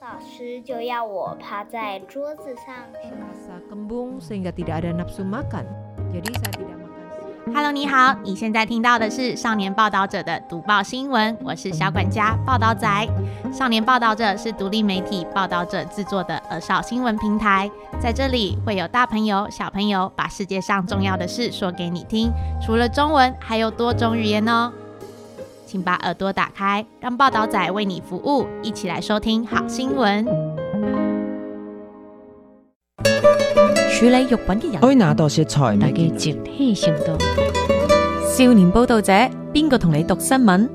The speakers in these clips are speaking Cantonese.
老師就要我趴在桌子上。 Hello，你好，你現在聽到的是少年報道者的讀報新聞。我是小管家報道仔。少年報道者是獨立媒體報道者製作的兒少新聞平台，在這裡，會有大朋友小朋友把世界上重要的事說給你聽。除了中文，還有多種語言哦。請把耳朵打開，讓報導仔為你服務，一起來收聽好新聞。處理肉品的人，開哪道食材？唔係嘅朝天橋度。少年報導者，邊個同你讀新聞？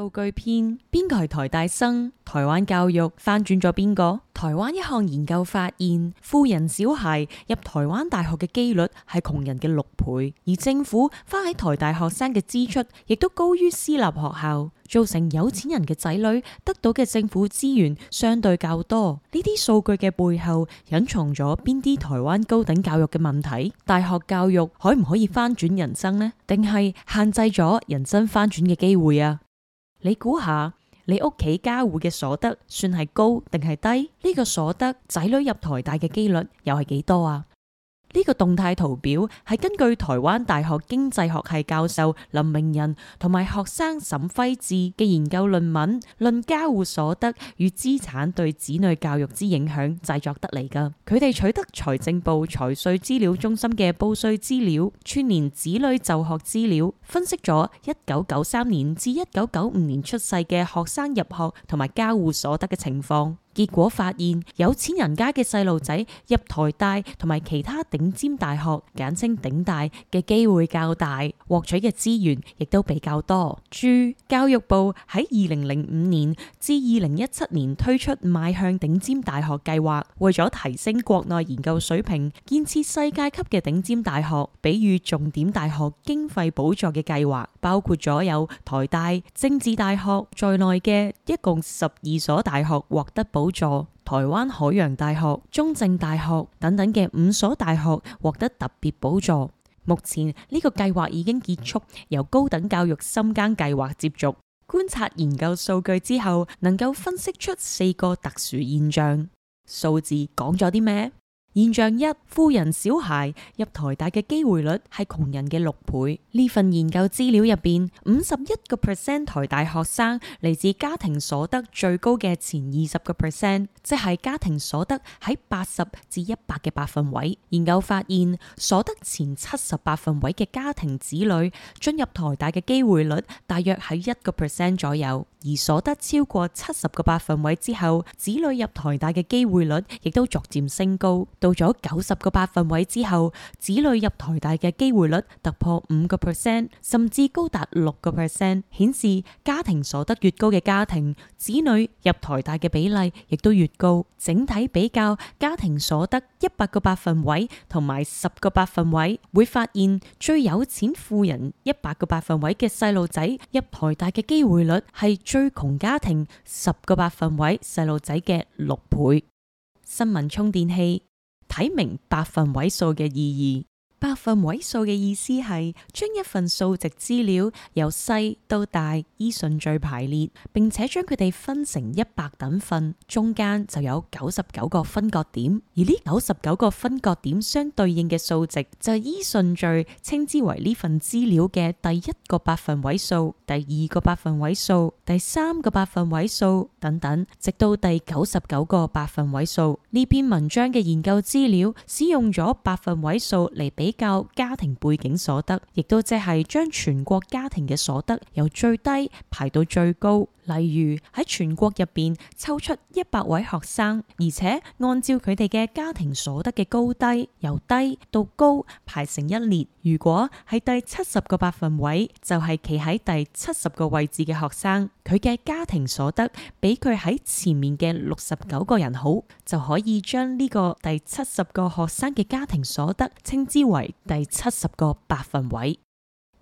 數據篇，邊個係台大生？台灣教育翻轉咗邊個？台灣一項研究發現，富人小孩入台灣大學嘅幾率係窮人嘅六倍，而政府花喺台大學生嘅支出亦都高於私立學校，造成有錢人嘅仔女得到嘅政府資源相對較多。呢啲數據嘅背後隱藏咗邊啲台灣高等教育嘅問題？大學教育可唔可以翻轉人生呢？定係限制咗人生翻轉嘅機會啊？你估下你屋企家戶嘅所得算係高定係低？呢個所得仔女入台大嘅幾率又係幾多啊？呢個動態圖表係根據臺灣大學經濟學系教授林明仁同埋學生沈輝志嘅研究論文《論家戶所得與資產對子女教育之影響》製作得嚟噶。佢哋取得財政部財稅資料中心嘅報稅資料、串聯子女就學資料，分析咗一九九三年至一九九五年出世嘅學生入學同埋家戶所得嘅情況。結果發現，有錢人家嘅細路仔入台大同埋其他頂尖大學（簡稱頂大）嘅機會較大，獲取嘅資源亦都比較多。注：教育部喺二零零五年至二零一七年推出邁向頂尖大學計劃，為咗提升國內研究水平，建設世界級嘅頂尖大學，給予重點大學經費補助嘅計劃，包括咗有台大、政治大學在內嘅一共十二所大學獲得補。補助台灣海洋大學、中正大學等等嘅五所大學獲得特別補助。目前呢個計劃，已經結束，由高等教育深耕計劃接續觀察研究數據之後，能夠分析出四個特殊現象。數字講咗啲咩？現象一：富人小孩入台大嘅機會率係窮人嘅六倍。呢份研究資料入邊，五十一個 percent 台大學生嚟自家庭所得最高嘅前二十個 percent，即係家庭所得喺八十至一百嘅百分位。研究發現，所得前七十百分位嘅家庭子女進入台大嘅機會率大約喺一個 percent 左右，而所得超過七十個百分位之後，子女入台大嘅機會率亦都逐漸升高。到咗九十個百分位之後，子女入台大嘅機會率突破五個 percent，甚至高達六個 percent，顯示家庭所得越高嘅家庭，子女入台大嘅比例亦都越高。整體比較，家庭所得一百個百分位同埋十個百分位，會發現最有錢富人一百個百分位嘅細路仔，入台大嘅機會率係最窮家庭十個百分位細路仔嘅六倍。新聞充電器。睇明百分位數嘅意義。百分位數嘅意思係將一份數值資料由細到大依順序排列，並且將佢哋分成一百等份，中間就有九十九個分割點。而呢九十九個分割點相對應嘅數值就係依順序稱之為呢份資料嘅第一個百分位數、第二個百分位數、第三個百分位數等等，直到第九十九個百分位數。呢篇文章嘅研究資料使用咗百分位數嚟俾。比較家庭背景所得，亦都即係將全國家庭嘅所得由最低排到最高。例如喺全國入邊抽出一百位學生，而且按照佢哋嘅家庭所得嘅高低，由低到高排成一列。如果係第七十個百分位，就係企喺第七十個位置嘅學生，佢嘅家庭所得比佢喺前面嘅六十九個人好，就可以將呢個第七十個學生嘅家庭所得稱之為第七十個百分位。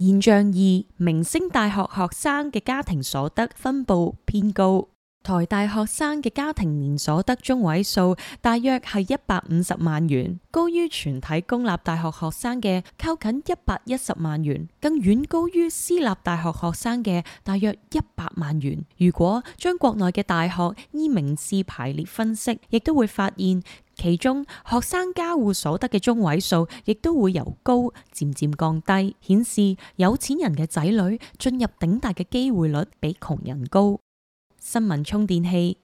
現象二：明星大學學生嘅家庭所得分布偏高。台大學生嘅家庭年所得中位數大約係一百五十萬元，高於全體公立大學學生嘅靠近一百一十萬元，更遠高於私立大學學生嘅大約一百萬元。如果將國內嘅大學依名次排列分析，亦都會發現，其中學生家戶所得嘅中位數亦都會由高漸漸降低，顯示有錢人嘅仔女進入頂大嘅機會率比窮人高。新聞充電器，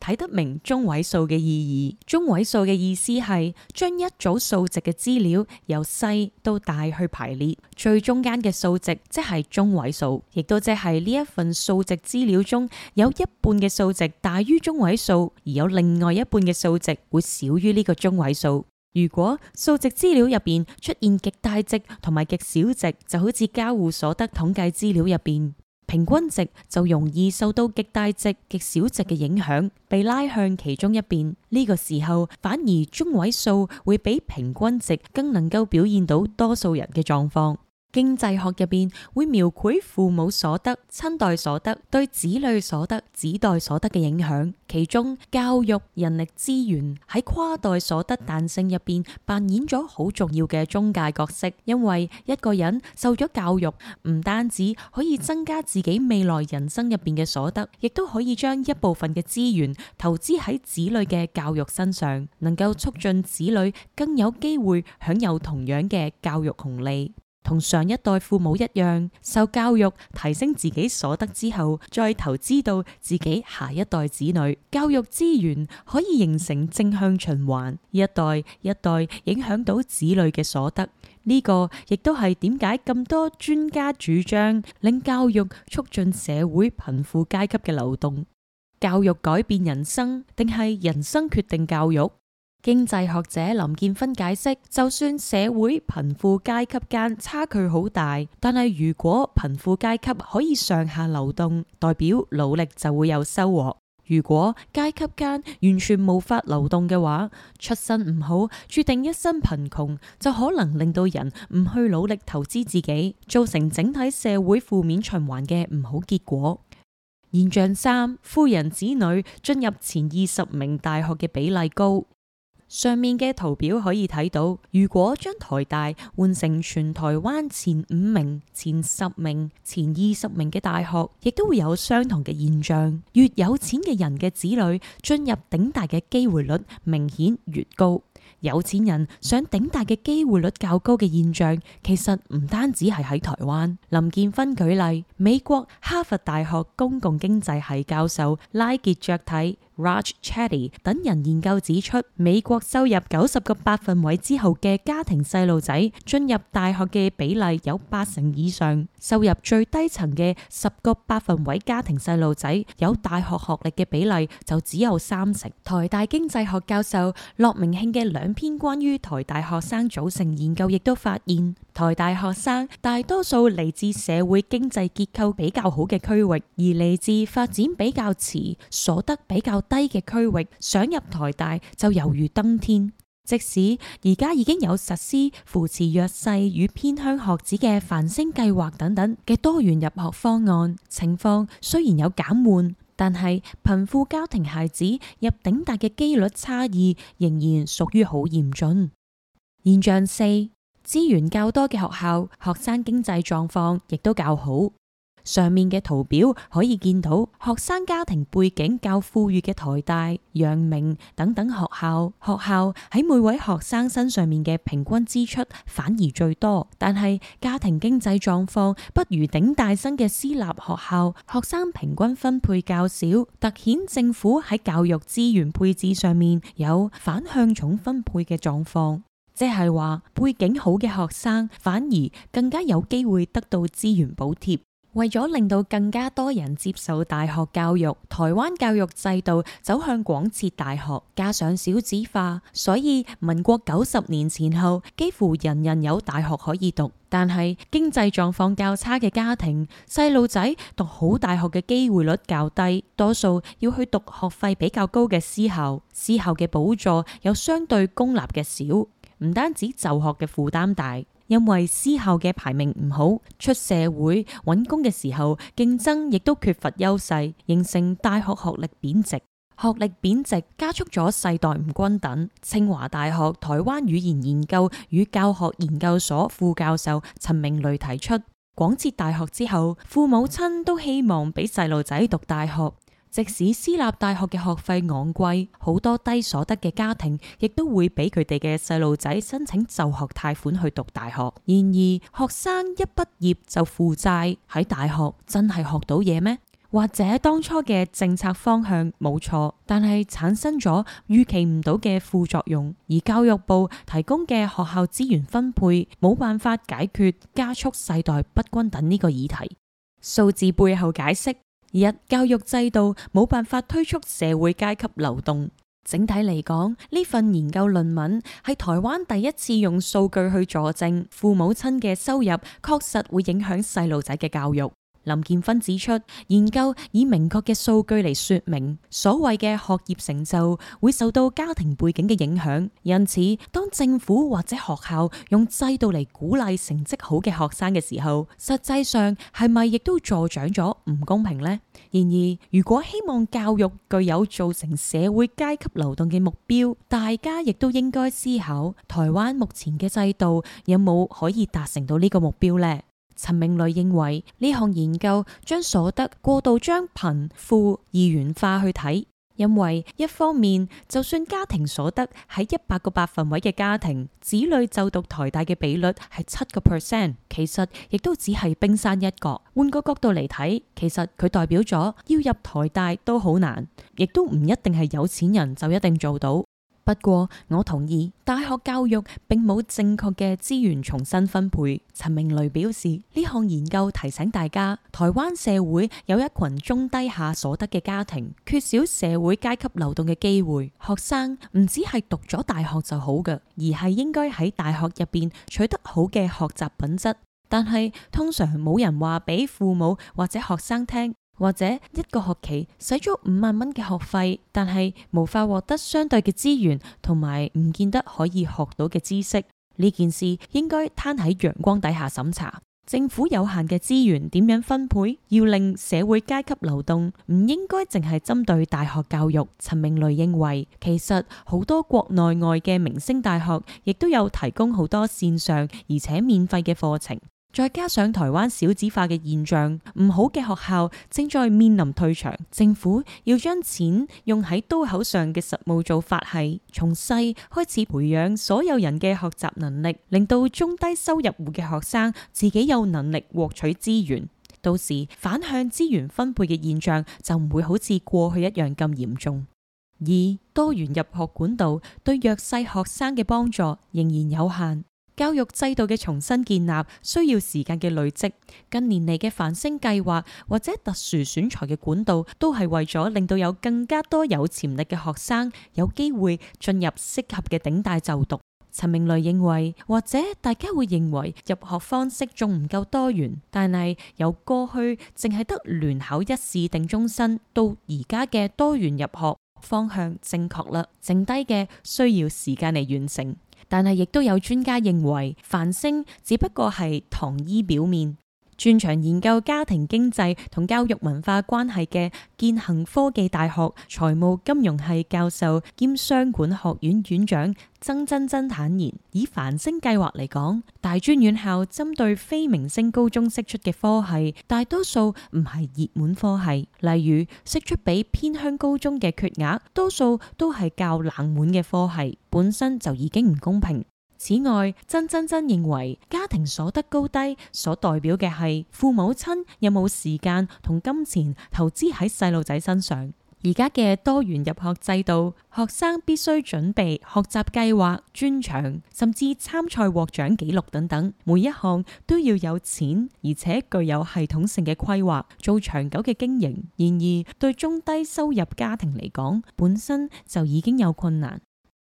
睇得明中位數嘅意義。中位數嘅意思係將一組數值嘅資料由細到大去排列，最中間嘅數值即係中位數。亦都即係呢一份數值資料中有一半嘅數值大於中位數，而有另外一半嘅數值會少於呢個中位數。如果數值資料入邊出現極大值同埋極小值，就好似家戶所得統計資料入邊。平均值就容易受到極大值、極小值嘅影響，被拉向其中一邊，呢、這個時候，反而中位數會比平均值更能夠表現到多數人嘅狀況。經濟學入邊會描繪父母所得、親代所得對子女所得、子代所得嘅影響，其中教育人力資源喺跨代所得彈性入邊扮演咗好重要嘅中介角色。因為一個人受咗教育，唔單止可以增加自己未來人生入邊嘅所得，亦都可以將一部分嘅資源投資喺子女嘅教育身上，能夠促進子女更有機會享有同樣嘅教育紅利。同上一代父母一樣受教育，提升自己所得之後，再投資到自己下一代子女教育資源，可以形成正向循環，一代一代影響到子女嘅所得。呢個亦都係點解咁多專家主張令教育促進社會貧富階級嘅流動，教育改變人生，定係人生決定教育？經濟學者林建芬解釋，就算社會貧富階級間差距好大，但係如果貧富階級可以上下流動，代表努力就會有收穫。如果階級間完全無法流動嘅話，出身唔好，注定一身貧窮，就可能令到人唔去努力投資自己，造成整體社會負面循環嘅唔好結果。現象三，富人子女進入前二十名大學嘅比例高。上面嘅圖表可以睇到，如果將台大換成全台灣前五名、前十名、前二十名嘅大學，亦都會有相同嘅現象。越有錢嘅人嘅子女進入頂大嘅機會率明顯越高。有錢人上頂大嘅機會率較高嘅現象，其實唔單止係喺台灣。林建芬舉例，美國哈佛大學公共經濟系教授拉杰卓提。Raj Chetty 等人研究指出，美國收入九十個百分位之後嘅家庭細路仔進入大學嘅比例有八成以上；收入最低層嘅十個百分位家庭細路仔有大學學歷嘅比例就只有三成。台大經濟學教授駱明慶嘅兩篇關於台大學生組成研究，亦都發現，台大學生大多數嚟自社會經濟結構比較好嘅區域，而嚟自發展比較遲、所得比較低嘅區域，想入台大就猶如登天。即使而家已經有實施扶持弱勢與偏鄉學子嘅繁星計劃等等嘅多元入學方案，情況雖然有減緩，但係貧富家庭孩子入頂大嘅幾率差異仍然屬於好嚴峻現象四。資源較多嘅學校，學生經濟狀況亦都較好。上面嘅圖表可以見到，學生家庭背景較富裕嘅台大、陽明等等學校，學校喺每位學生身上面嘅平均支出反而最多。但係家庭經濟狀況不如頂大生嘅私立學校，學生平均分配較少，凸顯政府喺教育資源配置上面有反向重分配嘅狀況。即係話背景好嘅學生反而更加有機會得到資源補貼。為咗令到更加多人接受大學教育，台灣教育制度走向廣設大學，加上少子化，所以民國九十年前後幾乎人人有大學可以讀。但係經濟狀況較差嘅家庭細路仔讀好大學嘅機會率較低，多數要去讀學費比較高嘅私校，私校嘅補助有相對公立嘅少。唔單止就學嘅負擔大，因為私校嘅排名唔好，出社會揾工嘅時候競爭亦都缺乏優勢，形成大學學歷貶值。學歷貶值加速咗世代唔均等。清華大學台灣語言研究與教學研究所副教授陳明雷提出，廣設大學之後，父母親都希望俾細路仔讀大學。即使私立大學嘅學費昂貴，好多低所得嘅家庭亦都會俾佢哋嘅細路仔申請就學貸款去讀大學。然而，學生一畢業就負債，喺大學真係學到嘢咩？或者當初嘅政策方向冇錯，但係產生咗預期唔到嘅副作用，而教育部提供嘅學校資源分配冇辦法解決加速世代不均等呢個議題。數字背後解釋，一教育制度冇辦法推出社會階級流動。整體嚟講，呢份研究論文係台灣第一次用數據去佐證父母親嘅收入確實會影響細路仔嘅教育。林建芬指出，研究以明確嘅數據嚟說明，所謂嘅學業成就會受到家庭背景嘅影響。因此，當政府或者學校用制度嚟鼓勵成績好嘅學生嘅時候，實際上係咪亦都助長咗唔公平呢？然而，如果希望教育具有造成社會階級流動嘅目標，大家亦都應該思考台灣目前嘅制度有冇可以達成到呢個目標呢？陳明磊認為呢項研究將所得過度將貧富二元化去睇，因為一方面就算家庭所得喺一百個百分位嘅家庭，子女就讀台大嘅比率係七個 percent，其實亦都只係冰山一角。換個角度嚟睇，其實佢代表咗要入台大都好難，亦都唔一定係有錢人就一定做到。不過，我同意大學教育並冇正確嘅資源重新分配。陳明雷表示，呢項研究提醒大家，台灣社會有一群中低下所得嘅家庭，缺少社會階級流動嘅機會。學生唔止係讀咗大學就好嘅，而係應該喺大學入邊取得好嘅學習品質。但係通常冇人話俾父母或者學生聽。或者一個學期使咗五萬蚊嘅學費，但係無法獲得相對嘅資源，同埋唔見得可以學到嘅知識。呢件事應該攤喺陽光底下審查。政府有限嘅資源點樣分配，要令社會階級流動，唔應該淨係針對大學教育。陳明磊認為，其實好多國內外嘅明星大學，亦都有提供好多線上而且免費嘅課程。再加上台灣少子化嘅現象，唔好嘅學校正在面臨退場。政府要將錢用喺刀口上嘅實務做法係，從細開始培養所有人嘅學習能力，令到中低收入戶嘅學生自己有能力獲取資源，到時反向資源分配嘅現象就唔會好似過去一樣咁嚴重。二多元入學管道對弱勢學生嘅幫助仍然有限。教育制度嘅重新建立需要時間嘅累積，近年嚟嘅繁星計劃或者特殊選才嘅管道，都係為咗令到有更加多有潛力嘅學生有機會進入適合嘅頂大就讀。陳明雷認為，或者大家會認為入學方式仲唔夠多元，但係由過去淨係得聯考一試定終身，到而家嘅多元入學方向正確啦，剩低嘅需要時間嚟完成。但係，亦都有專家認為，繁星只不過係糖衣表面。專長研究家庭經濟同教育文化關係嘅建行科技大學財務金融系教授兼商管學院院長曾真真坦言：以繁星計劃嚟講，大專院校針對非明星高中釋出嘅科系，大多數唔係熱門科系，例如釋出俾偏鄉高中嘅缺額，多數都係較冷門嘅科系，本身就已經唔公平。此外，曾珍珍認為家庭所得高低所代表嘅係父母親有冇時間同金錢投資喺細路仔身上。而家嘅多元入學制度，學生必須準備學習計劃、專長，甚至參賽獲獎記錄等等，每一項都要有錢，而且具有系統性嘅規劃，做長久嘅經營。然而，對中低收入家庭嚟講，本身就已經有困難。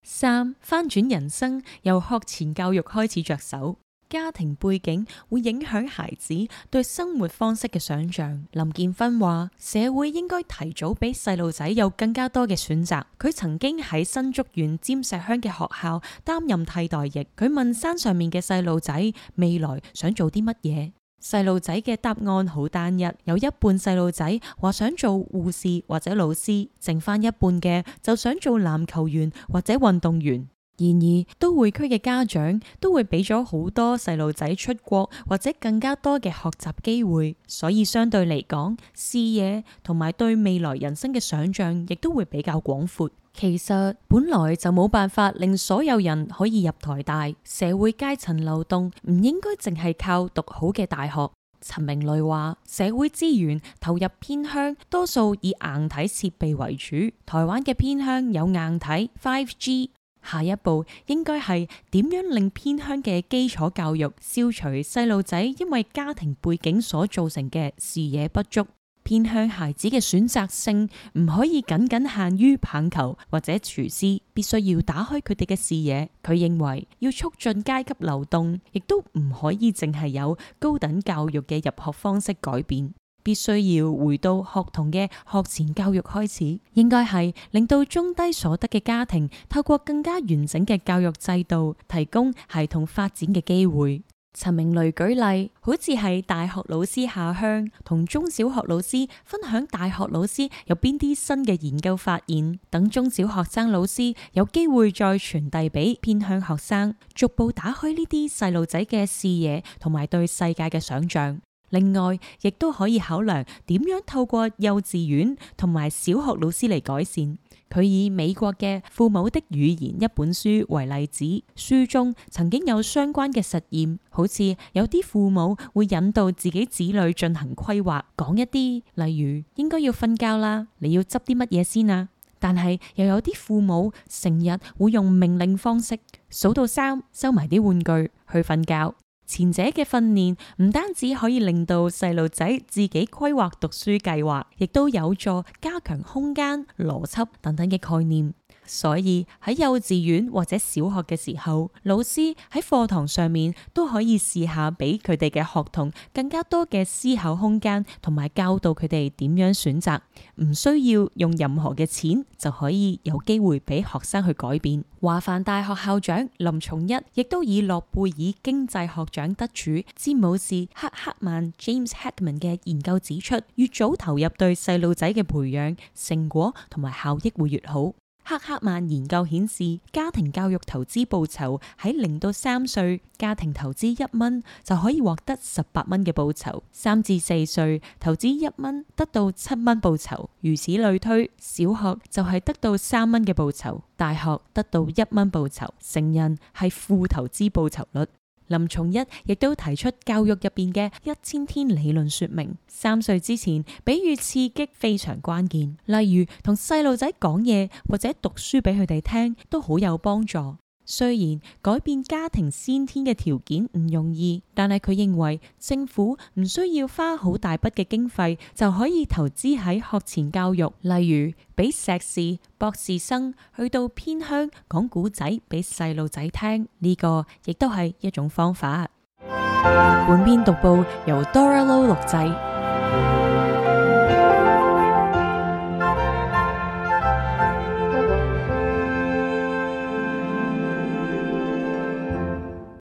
三，翻轉人生，由學前教育開始着手。家庭背景會影響孩子對生活方式嘅想象。林建芬話：社會應該提早俾細路仔有更加多嘅選擇。佢曾經喺新竹縣尖石鄉嘅學校擔任替代役，佢問山上面嘅細路仔未來想做啲乜嘢？細路仔嘅答案好單一，有一半細路仔話想做護士或者老師，剩返一半嘅就想做籃球員或者運動員。然而，都會區嘅家長都會俾咗好多細路仔出國或者更加多嘅學習機會，所以相對嚟講，視野同埋對未來人生嘅想象亦都會比較廣闊。其實本來就冇辦法令所有人可以入台大，社會階層流動唔應該淨係靠讀好嘅大學。陳明雷話，社會資源投入偏鄉，多數以硬體設備為主。台灣嘅偏鄉有硬體 Five G。下一步應該係點樣令偏鄉嘅基礎教育消除細路仔因為家庭背景所造成嘅視野不足？偏鄉孩子嘅選擇性唔可以僅僅限於棒球或者廚師，必須要打開佢哋嘅視野。佢認為要促進階級流動，亦都唔可以淨係有高等教育嘅入學方式改變。必須要回到學童嘅學前教育開始，應該係令到中低所得嘅家庭透過更加完整嘅教育制度，提供系統發展嘅機會。陳明雷舉例，好似係大學老師下鄉，同中小學老師分享大學老師有邊啲新嘅研究發現，等中小學生老師有機會再傳遞俾偏向學生，逐步打開呢啲細路仔嘅視野同埋對世界嘅想象。另外，亦都可以考量點樣透過幼稚園同埋小學老師嚟改善。佢以美國嘅《父母的語言》一本書為例子，書中曾經有相關嘅實驗，好似有啲父母會引導自己子女進行規劃，講一啲例如應該要瞓覺啦，你要執啲乜嘢先啊？但係又有啲父母成日會用命令方式，數到三，收埋啲玩具去瞓覺。前者嘅訓練唔單止可以令到細路仔自己規劃讀書計劃，亦都有助加強空間、邏輯等等嘅概念。所以喺幼稚園或者小學嘅時候，老師喺課堂上面都可以試下，俾佢哋嘅學童更加多嘅思考空間，同埋教導佢哋點樣選擇，唔需要用任何嘅錢就可以有機會俾學生去改變。華梵大學校長林從一亦都以諾貝爾經濟學獎得主詹姆士赫克曼 （James Heckman） 嘅研究指出，越早投入對細路仔嘅培養，成果同埋效益會越好。赫克曼研究顯示，家庭教育投資報酬喺零到三歲家庭投資一蚊就可以獲得十八蚊嘅報酬；三至四歲投資一蚊得到七蚊報酬，如此類推。小學就係得到三蚊嘅報酬，大學得到一蚊報酬，成人係負投資報酬率。林從一亦都提出教育入面嘅一千天理論說明，三歲之前，給予刺激非常關鍵，例如同細路仔講嘢或者讀書俾佢哋聽，都好有幫助。雖然改變家庭先天嘅條件唔容易，但係佢認為政府唔需要花好大筆嘅經費就可以投資喺學前教育，例如俾碩士、博士生去到偏鄉講古仔俾細路仔聽，呢個亦都係一種方法。 本篇讀報由 Dora Low 錄製。